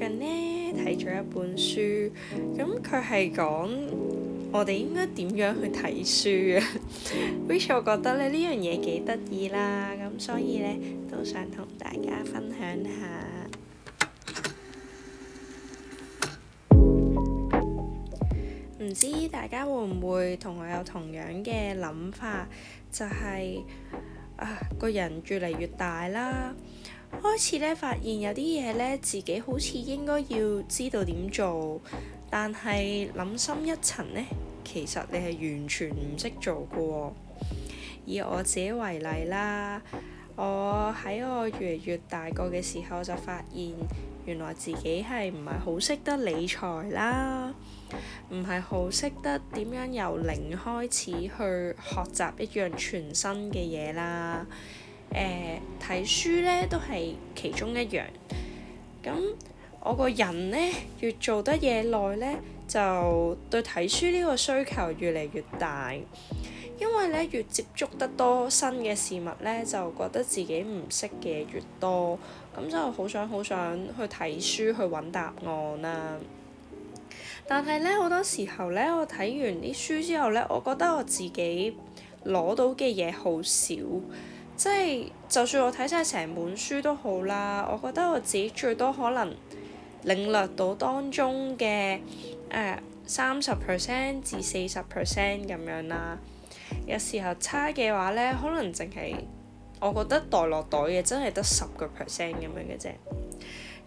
最近呢睇咗一本書，咁佢係講我哋應該點樣去睇書啊，which 我覺得呢呢樣嘢幾得意啦，咁所以呢都想同大家分享下。唔知大家會唔會同我有同樣嘅諗法？就係啊，個人越嚟越大啦，開始咧，發現有啲嘢咧，自己好似應該要知道點做，但係諗深一層呢，其實你係完全唔識做㗎喎。以我自己為例啦，我喺我越嚟越大個嘅時候，就發現原來自己係唔係好識得理財啦，唔係好識得點樣由零開始去學習一樣全新嘅嘢啦。誒睇、呃、書咧都係其中一樣。咁我個人咧，越做得嘢耐咧，就對睇書呢個需求越嚟越大。因為咧，越接觸得多新嘅事物咧，就覺得自己唔識嘅越多，咁就好想好想去睇書去揾答案啦、啊。但係咧，好多時候咧，我睇完啲書之後咧，我覺得我自己攞到嘅嘢好少。即係就算我睇晒成本書都好啦，我覺得我自己最多可能領略到當中嘅誒三十 percent 至四十 percent 咁樣啦。有時候差嘅話呢，可能淨係我覺得袋落袋嘅，真係得十個 percent 咁樣嘅啫。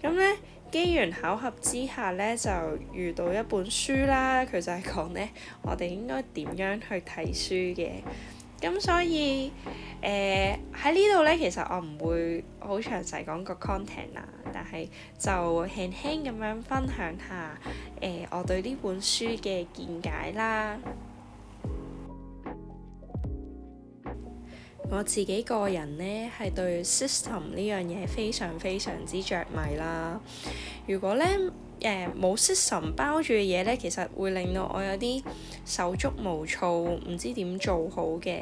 咁呢機緣巧合之下呢，就遇到一本書啦。佢就係講呢：「我哋應該點樣去睇書嘅？咁所以，誒喺呢度呢，其實我唔會好詳細講個 content 啦，但係就輕輕咁樣分享下，誒、呃、我對呢本書嘅見解啦。我自己個人呢，係對 system 呢樣嘢非常非常之着迷啦。如果呢，誒冇 system 包住嘅嘢呢，其實會令到我有啲手足無措，唔知點做好嘅。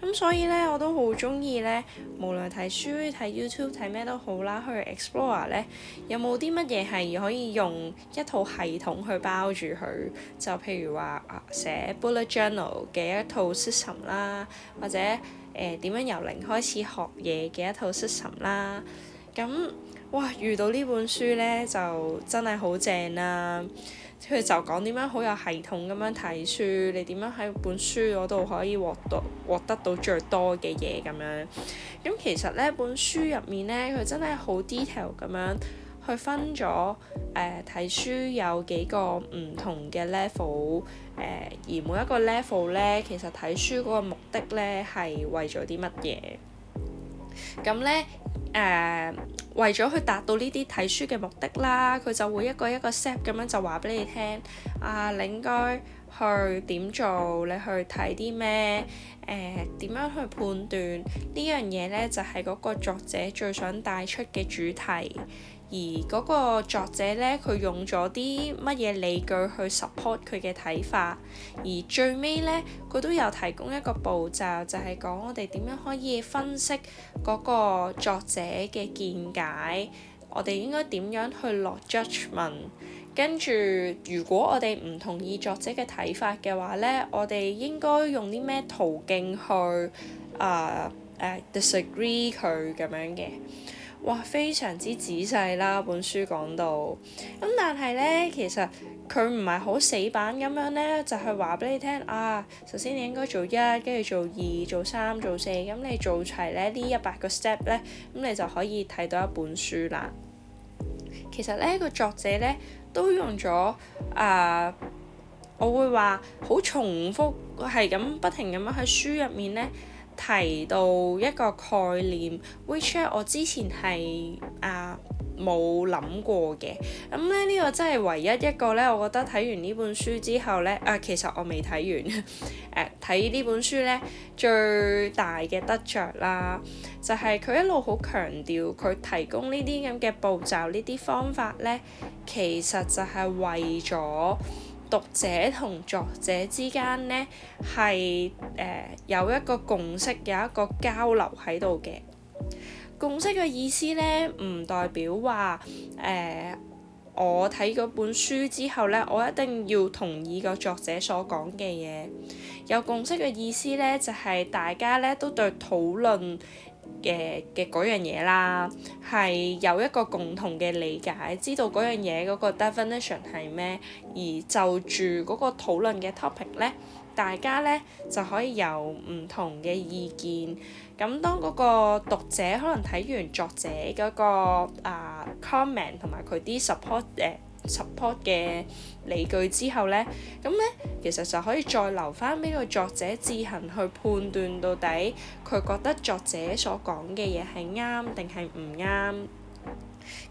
咁所以呢，我都好中意呢，無論睇書、睇 YouTube、睇咩都好啦，去 explore 呢，有冇啲乜嘢係可以用一套系統去包住佢。就譬如話啊，寫 bullet journal 嘅一套 system 啦，或者～誒點、呃、樣由零開始學嘢嘅一套 system 啦，咁哇遇到呢本書呢，就真係好正啦，啊！佢就講點樣好有系統咁樣睇書，你點樣喺本書嗰度可以獲到獲得到最多嘅嘢咁樣。咁其實呢本書入面呢，佢真係好 detail 咁樣去分咗睇、呃、書有幾個唔同嘅 level。而每一個 level 呢，其實睇書嗰個目的呢，係為咗啲乜嘢？咁呢，誒，為咗去達到呢啲睇書嘅目的啦，佢就會一個一個 step 咁樣就話俾你聽，啊，你應該去點做，你去睇啲咩，誒、呃，點樣去判斷呢樣嘢呢？就係、是、嗰個作者最想帶出嘅主題。而嗰個作者呢，佢用咗啲乜嘢理據去 support 佢嘅睇法，而最尾呢，佢都有提供一個步驟，就係講我哋點樣可以分析嗰個作者嘅見解，我哋應該點樣去落 judgment，跟住如果我哋唔同意作者嘅睇法嘅話呢，我哋應該用啲咩途徑去 uh, uh, disagree 佢咁樣嘅。哇，非常之仔細啦！本書講到，咁但係呢，其實佢唔係好死板咁樣呢，就係話俾你聽啊。首先你應該做一，跟住做二，做三，做四，咁你做齊呢呢一百個 step 呢，咁你就可以睇到一本書啦。其實呢、這個作者呢，都用咗啊、呃，我會話好重複，係咁不停咁樣喺書入面呢。提到一個概念 WeChat，我之前係啊冇諗過嘅。咁咧呢個真係唯一一個呢。我覺得睇完呢本書之後呢，啊，其實我未睇完。睇、啊、呢本書呢，最大嘅得着啦，就係、是、佢一路好強調佢提供呢啲咁嘅步驟，呢啲方法呢，其實就係為咗。讀者同作者之間呢，係誒、呃、有一個共識，有一個交流喺度嘅。共識嘅意思呢，唔代表話誒、呃、我睇嗰本書之後呢，我一定要同意個作者所講嘅嘢。有共識嘅意思呢，就係、是、大家呢都對討論。嘅嘅嗰樣嘢啦，係有一個共同嘅理解，知道嗰樣嘢嗰個 definition 係咩，而就住嗰個討論嘅 topic 咧，大家咧就可以有唔同嘅意見，咁當嗰個讀者可能睇完作者嗰個啊 comment 同埋佢啲 support 誒、呃。support 嘅理據之後咧，咁咧其實就可以再留返俾個作者自行去判斷到底佢覺得作者所講嘅嘢係啱定係唔啱。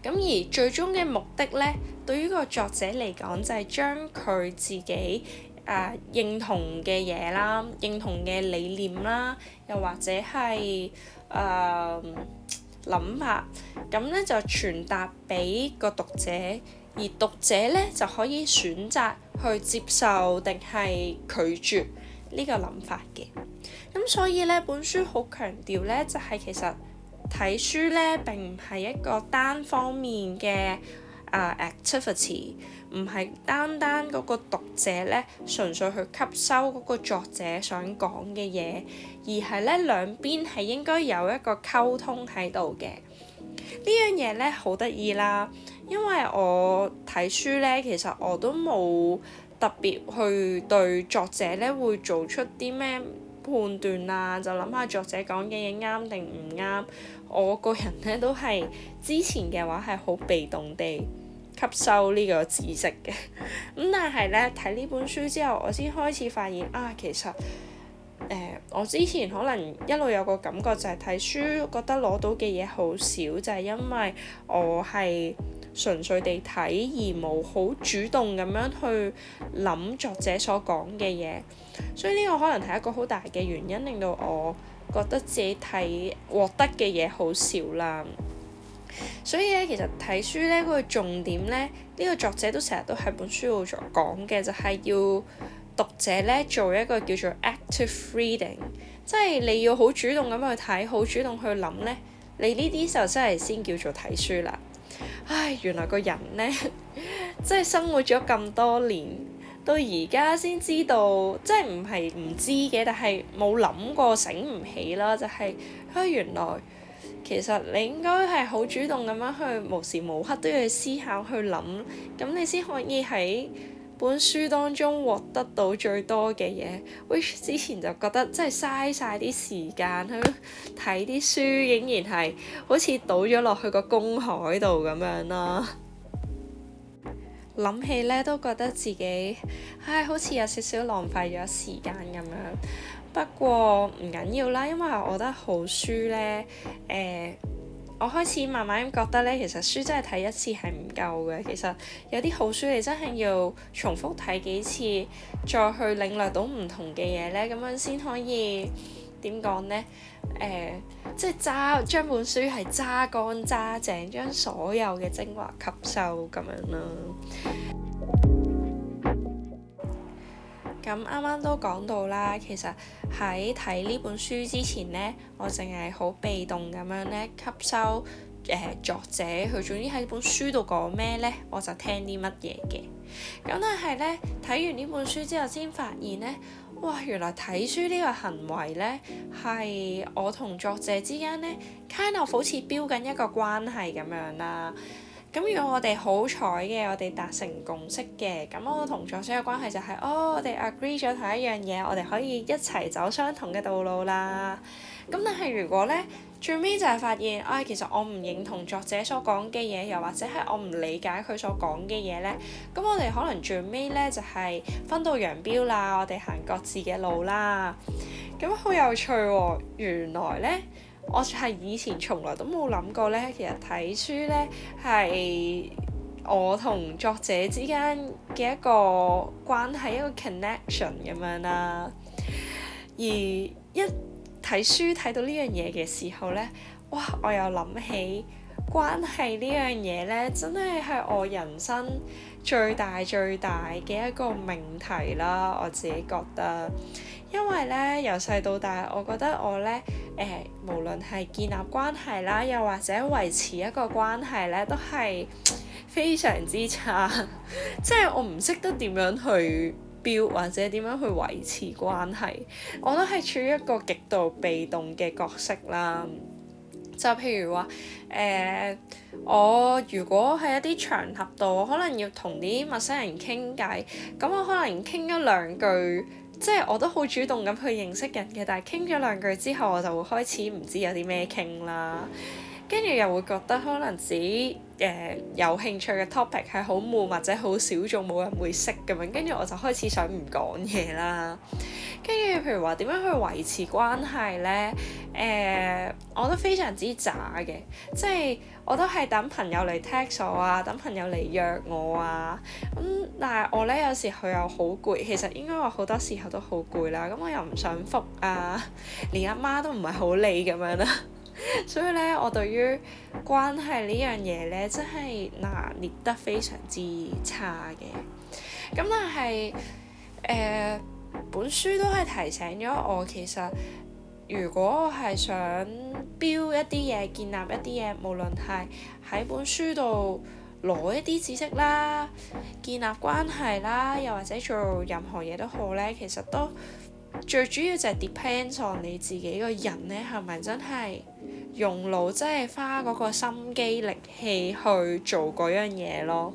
咁而最終嘅目的咧，對於個作者嚟講，就係將佢自己誒認同嘅嘢啦、認同嘅理念啦，又或者係誒諗法，咁咧就傳達俾個讀者。而讀者咧就可以選擇去接受定係拒絕呢個諗法嘅。咁所以咧，本書好強調咧，就係其實睇書咧並唔係一個單方面嘅啊 activity，唔係單單嗰個讀者咧純粹去吸收嗰個作者想講嘅嘢，而係咧兩邊係應該有一個溝通喺度嘅。呢樣嘢咧好得意啦～因為我睇書呢，其實我都冇特別去對作者呢會做出啲咩判斷啊， 就諗下作者講嘅嘢啱定唔啱。 我個人呢，都係之前嘅話係好被動地吸收呢個知識嘅，咁 但係呢，睇呢本書之後，我先開始發現啊，其實、呃、我之前可能一路有個感覺就係睇書覺得攞到嘅嘢好少，就係、是、因為我係。純粹地睇而冇好主動咁樣去諗作者所講嘅嘢，所以呢個可能係一個好大嘅原因，令到我覺得自己睇獲得嘅嘢好少啦。所以咧，其實睇書咧嗰個重點咧，呢個作者都成日都喺本書度講嘅，就係要讀者咧做一個叫做 active reading，即係你要好主動咁去睇，好主動去諗咧，你呢啲就真係先叫做睇書啦。唉，原來個人咧，即係生活咗咁多年，到而家先知道，即係唔係唔知嘅，但係冇諗過醒唔起啦，就係啊，原來其實你應該係好主動咁樣去，無時無刻都要去思考去諗，咁你先可以喺本書當中獲得到最多嘅嘢，which 之前就覺得真係嘥晒啲時間去睇啲書，竟然係好似倒咗落去個公海度咁樣啦，啊。諗 起呢，都覺得自己唉，好似有少少浪費咗時間咁樣。不過唔緊要啦，因為我覺得好書呢。誒、欸。我開始慢慢咁覺得呢，其實書真係睇一次係唔夠嘅。其實有啲好書，你真係要重複睇幾次，再去領略到唔同嘅嘢呢，咁樣先可以點講呢？即係揸將本書係揸乾揸淨，將所有嘅精華吸收咁樣啦。咁啱啱都講到啦，其實喺睇呢本書之前呢，我淨係好被動咁樣咧吸收誒、呃、作者佢總之喺本書度講咩呢，我就聽啲乜嘢嘅。咁但係呢，睇完呢本書之後，先發現呢，哇，原來睇書呢個行為呢，係我同作者之間呢 kind of 好似標緊一個關係咁樣啦。咁如果我哋好彩嘅，我哋達成共識嘅，咁我同作者嘅關係就係，哦，我哋 agree 咗同一樣嘢，我哋可以一齊走相同嘅道路啦。咁但係如果呢，最尾就係發現，唉，其實我唔認同作者所講嘅嘢，又或者係我唔理解佢所講嘅嘢呢。咁我哋可能最尾呢就係分道揚鑣啦，我哋行各自嘅路啦。咁好有趣喎，原來呢。我係以前從來都冇諗過呢。其實睇書呢係我同作者之間嘅一個關係，一個 connection 咁樣啦、啊。而一睇書睇到呢樣嘢嘅時候呢，哇！我又諗起關係呢樣嘢呢，真係喺我人生最大最大嘅一個命題啦，我自己覺得，因為咧由細到大，我覺得我咧誒、呃、無論係建立關係啦，又或者維持一個關係咧，都係非常之差， 即係我唔識得點樣去 build 或者點樣去維持關係，我都係處於一個極度被動嘅角色啦。就譬如話，誒、欸，我如果喺一啲場合度，可能要同啲陌生人傾偈，咁我可能傾一兩句，即係我都好主動咁去認識人嘅，但係傾咗兩句之後，我就會開始唔知有啲咩傾啦。跟住又會覺得可能自己誒、呃、有興趣嘅 topic 係好悶或者好小眾，冇人會識咁樣，跟住我就開始想唔講嘢啦。跟住譬如話點樣去維持關係呢？誒、呃，我都非常之渣嘅，即係我都係等朋友嚟 text 我啊，等朋友嚟約我啊。咁但係我呢，有時佢又好攰，其實應該話好多時候都好攰啦。咁我又唔想覆啊，連阿媽都唔係好理咁樣啦。啊。 所以咧，我對於關係呢樣嘢咧，真係拿捏得非常之差嘅。咁但係誒、呃，本書都係提醒咗我，其實如果我係想標一啲嘢，建立一啲嘢，無論係喺本書度攞一啲知識啦，建立關係啦，又或者做任何嘢都好咧，其實都～最主要就係 depends on 你自己個人咧，係咪真係用腦，真係花嗰個心機力氣去做嗰樣嘢咯？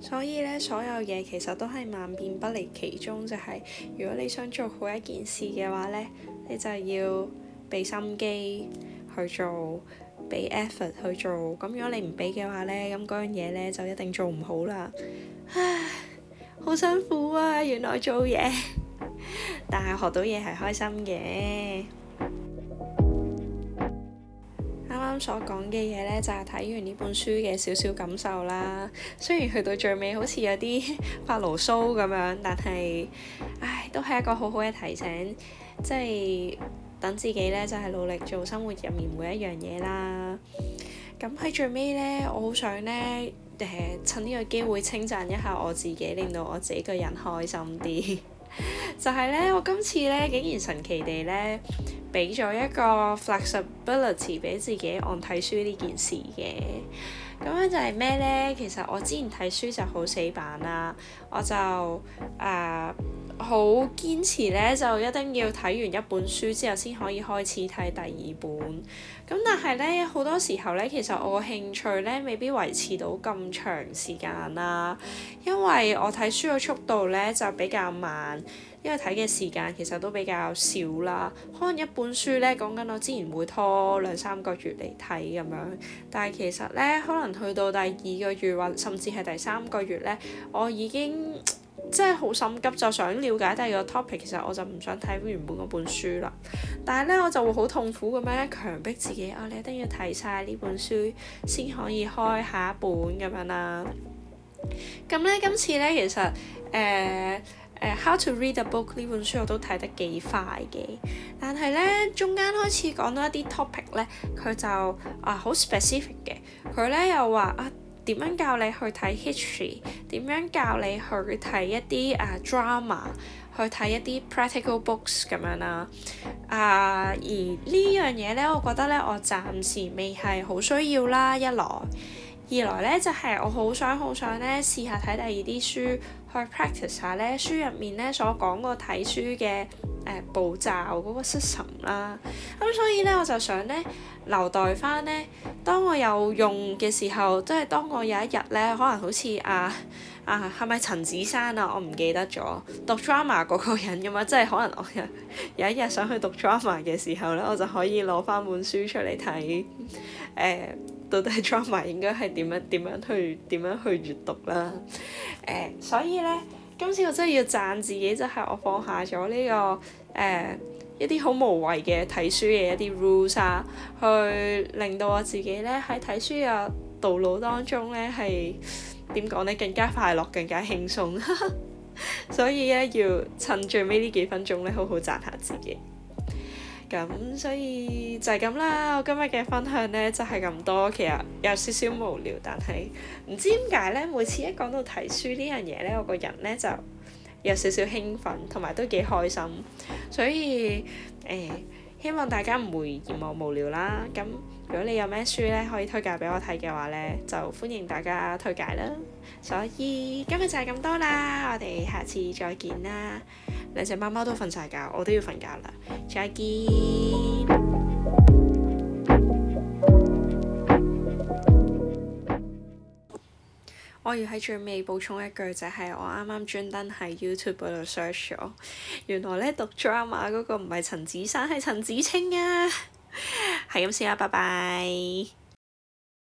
所以咧，所有嘢其實都係萬變不離其宗。就係如果你想做好一件事嘅話咧，你就要俾心機去做，俾 effort 去做。咁如果你唔俾嘅話咧，咁嗰樣嘢咧就一定做唔好啦。唉，好辛苦啊，原來做嘢。但係學到嘢係開心嘅，啱啱所講嘅嘢呢，就係睇完呢本書嘅少少感受啦。雖然去到最尾好似有啲發牢騷咁樣，但係，唉，都係一個好好嘅提醒，即係等自己呢，就係努力做生活入面每一樣嘢啦。咁喺最尾呢，我好想呢，誒，趁呢個機會稱讚一下我自己，令到我自己個人開心啲。就係呢，我今次呢，竟然神奇地呢，俾咗一個 flexibility 俾自己按睇書呢件事嘅。咁樣就係咩呢？其實我之前睇書就好死板啦，我就誒，好堅持咧，就一定要睇完一本書之後，先可以開始睇第二本。咁但係咧，好多時候咧，其實我嘅興趣咧，未必維持到咁長時間啦，因為我睇書嘅速度咧就比較慢。因為睇嘅時間其實都比較少啦，可能一本書呢，講緊，我之前會拖兩三個月嚟睇咁樣，但係其實呢，可能去到第二個月或甚至係第三個月呢，我已經即係好心急就想了解第二個 topic，其實我就唔想睇原本嗰本書啦。但係呢，我就會好痛苦咁樣強迫自己，哦你一定要睇晒呢本書先可以開下一本咁樣啦。咁呢，今次呢，其實誒～、呃誒《uh, How to Read a Book》呢本書我都睇得幾快嘅，但係呢，中間開始講到一啲 topic、uh, 呢，佢就啊好 specific 嘅。佢呢又話啊點樣教你去睇 history，點樣教你去睇一啲啊、uh, drama，去睇一啲 practical books 咁樣啦、啊。啊而呢樣嘢呢，我覺得呢，我暫時未係好需要啦，一來，二來呢，就係、係、我好想好想呢試下睇第二啲書。去 practice 下咧，書入面咧所講個睇書嘅誒、呃、步驟嗰、那個 system 啦，咁、嗯、所以咧我就想咧留待翻咧，當我有用嘅時候，即係當我有一日咧，可能好似啊啊係咪陳子珊啊，我唔記得咗讀 drama 嗰個人咁啊，即係可能我有一日想去讀 drama 嘅時候咧，我就可以攞翻本書出嚟睇誒。呃到底係裝埋，應該係點樣？點樣去？點樣去閱讀啦、 呃？所以呢，今次我真係要讚自己，就係、係、我放下咗呢、呢個誒、呃、一啲好無謂嘅睇書嘅一啲 rules、啊、去令到我自己呢喺睇書嘅道路當中呢，係點講呢？更加快樂，更加輕鬆。 所以咧，要趁最尾呢幾分鐘咧，好好讚下自己。咁所以就係咁啦，我今日嘅分享呢，就係咁多。其實有少少無聊，但係唔知點解呢。每次一講到睇書呢樣嘢呢，我個人呢就有少少興奮，同埋都幾開心。所以誒，希望大家唔會嫌我無聊啦。咁如果你有咩書呢可以推介俾我睇嘅話呢，就歡迎大家推介啦。所以今日就係咁多啦，我哋下次再見啦。兩隻貓貓都瞓晒覺，我都要瞓覺啦，再見。 我要喺最尾補充一句就係，我啱啱專登喺 YouTube 嗰度 search 咗，原來咧讀 drama 嗰個唔係陳子珊，係陳子清啊，係咁先啦，拜拜。